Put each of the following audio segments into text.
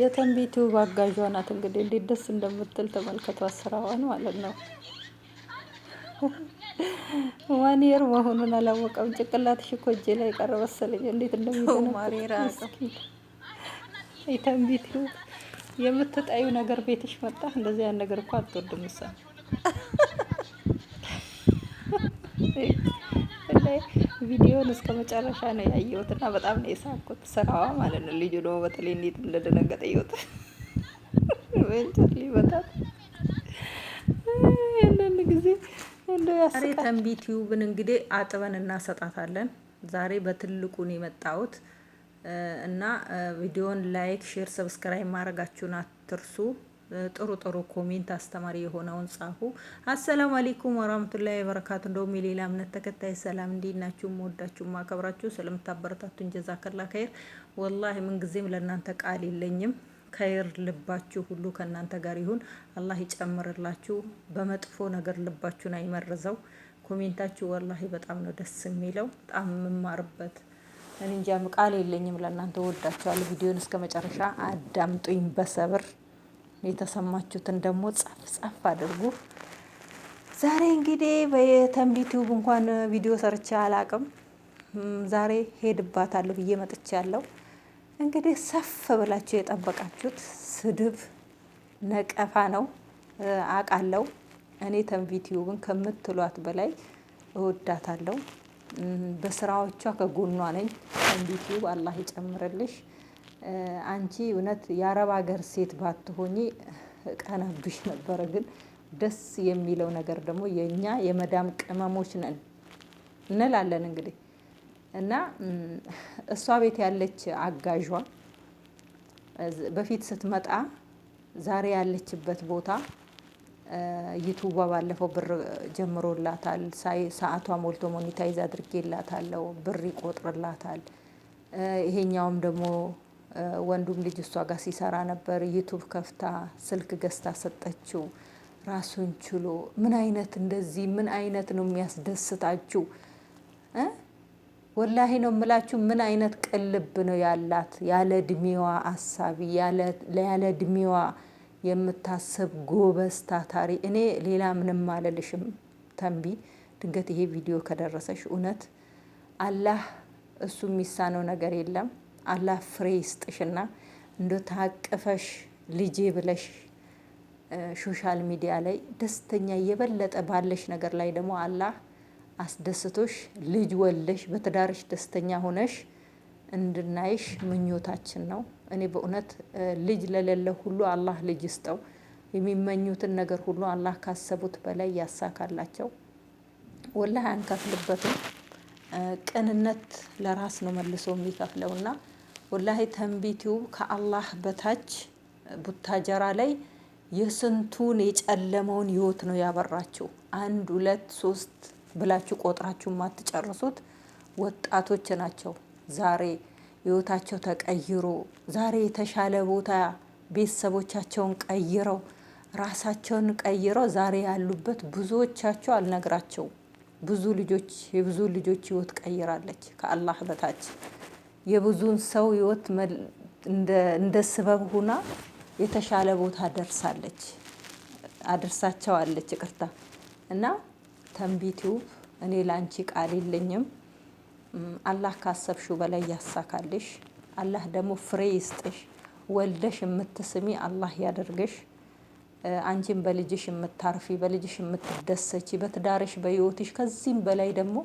የተንቢቱ ባጋዧ ናት። እንግዲህ እንዴት ደስ እንደምትል ተመልከቷት፣ ስራዋን ማለት ነው። ዋኔር መሆኑን አላወቀም። ጭቅላት ሽኮጄ ላይ ቀረ መሰለኝ። እንዴት የተንቢቱ የምትጣዩ ነገር ቤትሽ መጣ። እንደዚህ ያን ነገር እኮ አትወድም ምሳ ቪዲዮን እስከ መጨረሻ ነው ያየሁት እና በጣም ነው የሳኩት። ስራዋ ማለት ነው። ልጁ ደግሞ በተለይ እንዴት እንደደነገጠ እዩት። ወንጀል ይበታል። አንዳንድ ጊዜ ዛሬ ተንቢ ዩብን እንግዲህ አጥበን እናሰጣታለን። ዛሬ በትልቁ የመጣሁት እና ቪዲዮን ላይክ፣ ሼር፣ ሰብስክራይብ ማድረጋችሁን አትርሱ። ጥሩ ጥሩ ኮሜንት አስተማሪ የሆነውን ጻፉ። አሰላሙ አሌይኩም ወራህመቱላሂ ወበረካቱ። እንደውም የሌላ እምነት ተከታይ ሰላም፣ እንዴት ናችሁ? መወዳችሁ ማከብራችሁ ስለምታበረታቱን ከላ ኸይር። ወላሂ ምንጊዜም ለእናንተ ቃል የለኝም። ከይር ልባችሁ ሁሉ ከእናንተ ጋር ይሁን። አላህ ይጨምርላችሁ። በመጥፎ ነገር ልባችሁን አይመርዘው። ኮሜንታችሁ ወላሂ በጣም ነው ደስ የሚለው፣ በጣም የምማርበት እንጃም ቃል የለኝም ለእናንተ። ወዳችኋለሁ። ቪዲዮን እስከ መጨረሻ አዳምጡኝ በሰብር የተሰማችሁትን ደግሞ ጻፍ ጻፍ አድርጉ። ዛሬ እንግዲህ በተንቢ እንኳን ቪዲዮ ሰርቼ አላቅም። ዛሬ ሄድባታለሁ ብዬ መጥቼ ያለው እንግዲህ ሰፍ ብላችሁ የጠበቃችሁት ስድብ ነቀፋ ነው አቃለው። እኔ ተንቢ ከምትሏት በላይ እወዳታለሁ። በስራዎቿ ከጎኗ ነኝ። ተንቢ አላህ ይጨምርልሽ። አንቺ እውነት የአረብ ሀገር ሴት ባትሆኚ ቀናብሽ ነበረ። ግን ደስ የሚለው ነገር ደግሞ የእኛ የመዳም ቅመሞች ነን እንላለን እንግዲህ እና እሷ ቤት ያለች አጋዧ በፊት ስትመጣ ዛሬ ያለችበት ቦታ ዩቱቧ ባለፈው ብር ጀምሮላታል። ሰዓቷ ሞልቶ ሞኒታይዝ አድርጌላታለው ብር ይቆጥርላታል። ይሄኛውም ደግሞ ወንዱም ልጅ እሷ ጋር ሲሰራ ነበር። ዩቱብ ከፍታ ስልክ ገዝታ ሰጠችው። ራሱን ችሎ ምን አይነት እንደዚህ ምን አይነት ነው የሚያስደስታችሁ? ወላሂ ነው የምላችሁ። ምን አይነት ቅልብ ነው ያላት? ያለ እድሜዋ አሳቢ፣ ያለ እድሜዋ የምታስብ ጎበዝ ታታሪ። እኔ ሌላ ምንም አልልሽም። ተንቢ ድንገት ይሄ ቪዲዮ ከደረሰሽ እውነት አላህ እሱ የሚሳነው ነገር የለም። አላህ ፍሬ ይስጥሽና እንዶ ታቅፈሽ ልጄ ብለሽ ሶሻል ሚዲያ ላይ ደስተኛ የበለጠ ባለሽ ነገር ላይ ደግሞ አላህ አስደስቶሽ ልጅ ወለሽ በትዳርሽ ደስተኛ ሆነሽ እንድናይሽ ምኞታችን ነው። እኔ በእውነት ልጅ ለሌለ ሁሉ አላህ ልጅ ይስጠው። የሚመኙትን ነገር ሁሉ አላህ ካሰቡት በላይ ያሳካላቸው። ወላህ አንከፍልበትም። ቅንነት ለራስ ነው መልሶ የሚከፍለውና ወላሂ ተንቢቲዩብ ከአላህ በታች ቡታጀራ ላይ የስንቱን የጨለመውን ህይወት ነው ያበራችው። አንድ ሁለት ሶስት ብላችሁ ቆጥራችሁ የማትጨርሱት ወጣቶች ናቸው። ዛሬ ህይወታቸው ተቀይሮ ዛሬ የተሻለ ቦታ ቤተሰቦቻቸውን ቀይረው ራሳቸውን ቀይረው ዛሬ ያሉበት ብዙዎቻቸው አልነግራቸው ብዙ ልጆች የብዙ ልጆች ህይወት ቀይራለች ከአላህ በታች የብዙን ሰው ህይወት እንደ ስበብ ሁና የተሻለ ቦታ ደርሳለች አድርሳቸዋለች። ይቅርታ እና ተንቢቲውብ እኔ ላንቺ ቃል የለኝም። አላህ ካሰብሽው በላይ ያሳካልሽ። አላህ ደግሞ ፍሬ ይስጥሽ። ወልደሽ የምትስሚ አላህ ያደርግሽ። አንቺን በልጅሽ የምታርፊ፣ በልጅሽ የምትደሰች በትዳርሽ፣ በህይወትሽ ከዚህም በላይ ደግሞ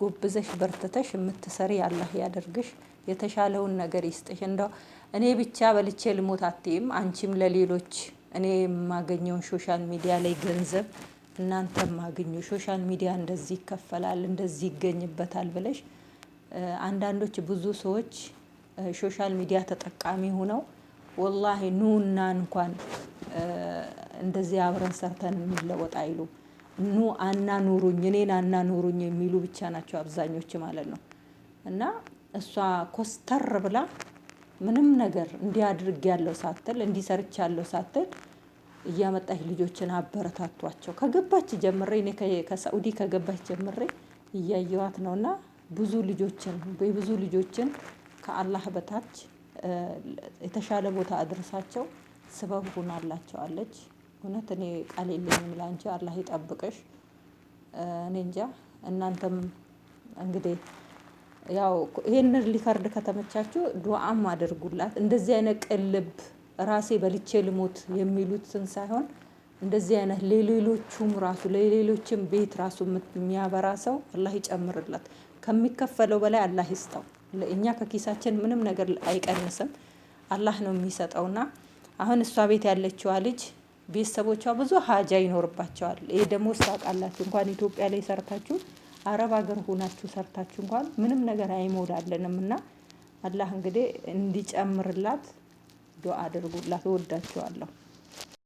ጎብዘሽ በርትተሽ የምትሰሪ አላህ ያደርግሽ፣ የተሻለውን ነገር ይስጥሽ። እንደው እኔ ብቻ በልቼ ልሞት አትይም። አንቺም ለሌሎች እኔ የማገኘውን ሶሻል ሚዲያ ላይ ገንዘብ እናንተ ማግኙ፣ ሶሻል ሚዲያ እንደዚህ ይከፈላል፣ እንደዚህ ይገኝበታል ብለሽ አንዳንዶች ብዙ ሰዎች ሶሻል ሚዲያ ተጠቃሚ ሆነው ወላሂ ኑና እንኳን እንደዚህ አብረን ሰርተን የሚለወጥ አይሉም። ኑ አናኑሩኝ እኔን አናኑሩኝ የሚሉ ብቻ ናቸው አብዛኞች ማለት ነው። እና እሷ ኮስተር ብላ ምንም ነገር እንዲያድርግ ያለው ሳትል እንዲሰርች ያለው ሳትል እያመጣች ልጆችን አበረታቷቸው ከገባች ጀምሬ እኔ ከሳኡዲ ከገባች ጀምሬ ነው። እና ብዙ ልጆችን ብዙ ልጆችን ከአላህ በታች የተሻለ ቦታ አድርሳቸው ስበብ ሁናላቸዋለች። እውነት እኔ ቃል የለኝም ለአንቺ አላህ ይጠብቅሽ። እኔ እንጃ እናንተም እንግዲህ ያው ይህንን ሊከርድ ከተመቻችሁ ዱዓም አድርጉላት። እንደዚህ አይነት ቅልብ ራሴ በልቼ ልሞት የሚሉትን ሳይሆን እንደዚህ አይነት ለሌሎቹም ራሱ ለሌሎችም ቤት ራሱ የሚያበራ ሰው አላህ ይጨምርላት። ከሚከፈለው በላይ አላህ ይስጠው። እኛ ከኪሳችን ምንም ነገር አይቀንስም፣ አላህ ነው የሚሰጠውና አሁን እሷ ቤት ያለችዋ ልጅ ቤተሰቦቿ ብዙ ሀጃ ይኖርባቸዋል። ይህ ደግሞ ስታውቃላችሁ እንኳን ኢትዮጵያ ላይ ሰርታችሁ አረብ ሀገር ሆናችሁ ሰርታችሁ እንኳን ምንም ነገር አይሞላለንም እና አላህ እንግዲህ እንዲጨምርላት ዱአ አድርጉላት። እወዳችኋለሁ።